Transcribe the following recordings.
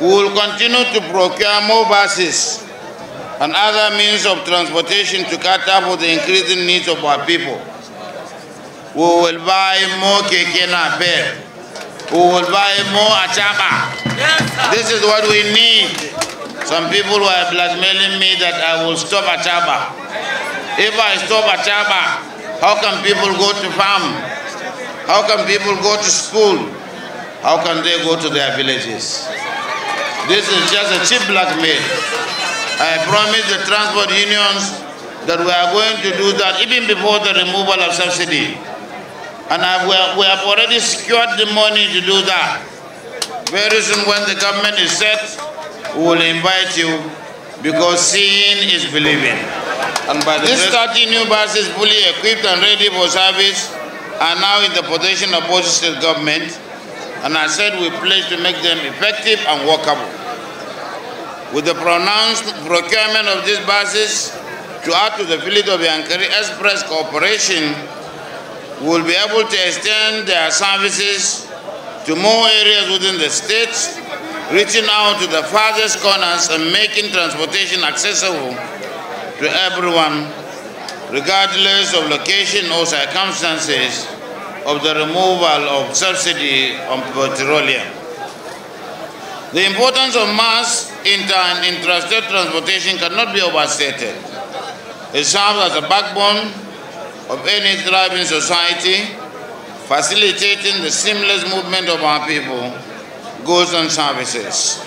We will continue to procure more buses and other means of transportation to cater for the increasing needs of our people. We will buy more keke napel. We will buy more achaba. this is what we need. Some people were blackmailing me that I will stop achaba. If I stop achaba, how can people go to farm? How can people go to school? How can they go to their villages? This is just a cheap blackmail. I promise the transport unions that we are going to do that even before the removal of subsidy. And I, we, have, we have already secured the money to do that. Very soon when the government is set, we will invite you because seeing is believing. And by this 30 new buses fully equipped and ready for service are now in the possession of the state government and I said we pledge to make them effective and workable. With the pronounced procurement of these buses to add to the fleet of Yankari Express Corporation, we will be able to extend their services to more areas within the state, reaching out to the farthest corners and making transportation accessible to everyone, regardless of location or circumstances, of the removal of subsidy on petroleum. The importance of mass inter and intrastate transportation cannot be overstated. It serves as a backbone of any thriving society, facilitating the seamless movement of our people, goods and services.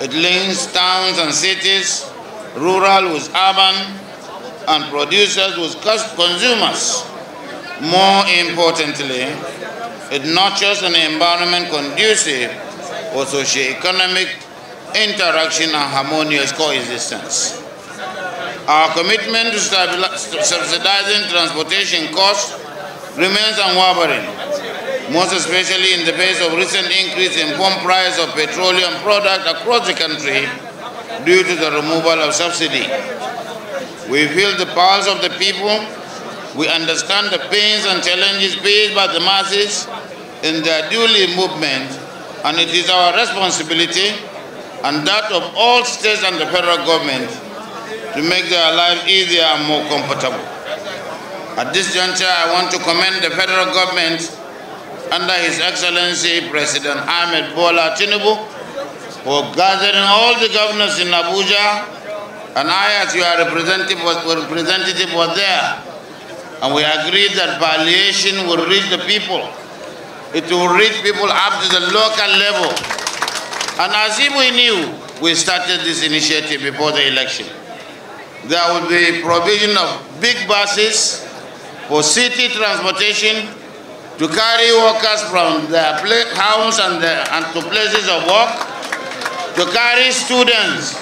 It links towns and cities, rural with urban, and producers with consumers more importantly, it nurtures an environment conducive for socio-economic interaction and harmonious coexistence. Our commitment to subsidizing transportation costs remains unwavering, most especially in the face of recent increase in pump price of petroleum products across the country due to the removal of subsidy. We feel the pulse of the people we understand the pains and challenges faced by the masses in their duly movement, and it is our responsibility and that of all states and the federal government to make their life easier and more comfortable. At this juncture, I want to commend the federal government under His Excellency President Ahmed Bola Tinubu for gathering all the governors in Abuja, and I, as your representative was, representative was there and we agreed that palliation will reach the people. It will reach people up to the local level. And as if we knew, we started this initiative before the election. There will be provision of big buses for city transportation to carry workers from their homes and, their, and to places of work, to carry students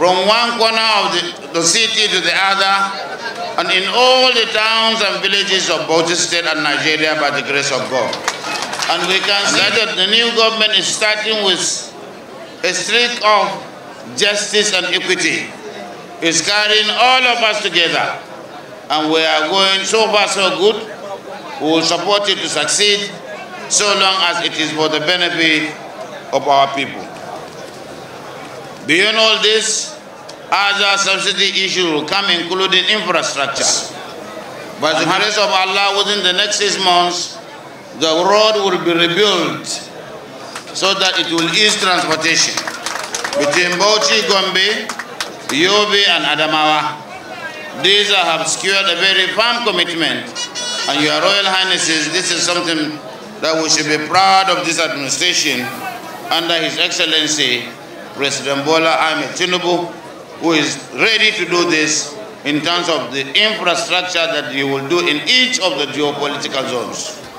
from one corner of the, the city to the other, and in all the towns and villages of State and Nigeria by the grace of God. And we can say that the new government is starting with a streak of justice and equity. It's carrying all of us together. And we are going so far so good. We will support it to succeed so long as it is for the benefit of our people. Beyond all this, other subsidy issues will come including infrastructure. By the grace of Allah, within the next six months, the road will be rebuilt so that it will ease transportation between Bochi, Gombe, Yobe, and Adamawa. These have secured a very firm commitment. And your Royal Highnesses, this is something that we should be proud of this administration under His Excellency, President Bola Ahmed Tinubu, who is ready to do this in terms of the infrastructure that you will do in each of the geopolitical zones.